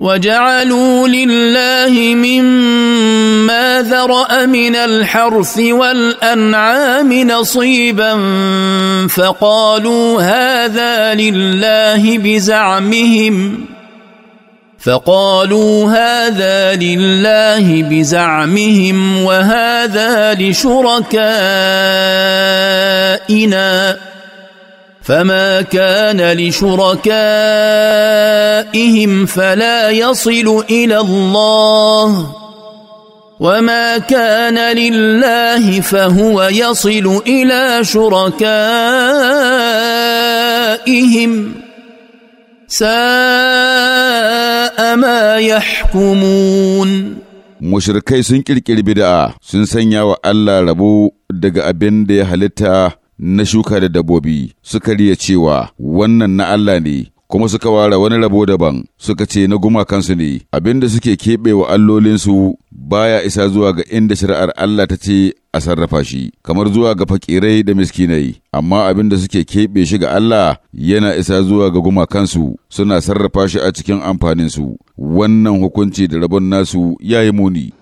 وجعلوا لله مما ذرا من الحرث والانعام نصيبا فقالوا هذا لله بزعمهم فقالوا هذا لله بزعمهم وهذا لشركائنا فما كان لشركائهم فلا يصل الى الله وما كان لله فهو يصل الى شركائهم ساء ما يحكمون مشركي سنكر كربدا سنسنيا والله ربو دغ ابن دي na shuka da dabbobi suka riya cewa wannan na Allah ne kuma suka ware wani rabo daban suka ce na gumakansu ne abinda suke keɓe wa allolinsu baya isa zuwa ga inda shari'ar Allah ta ce a sarrafa shi kamar zuwa ga fakirai da miskinai amma abinda suke keɓe shi ga Allah yana isa zuwa ga gumakansu suna sarrafa shi a cikin amfaninsu wannan hukunci da rabon nasu ya yi muni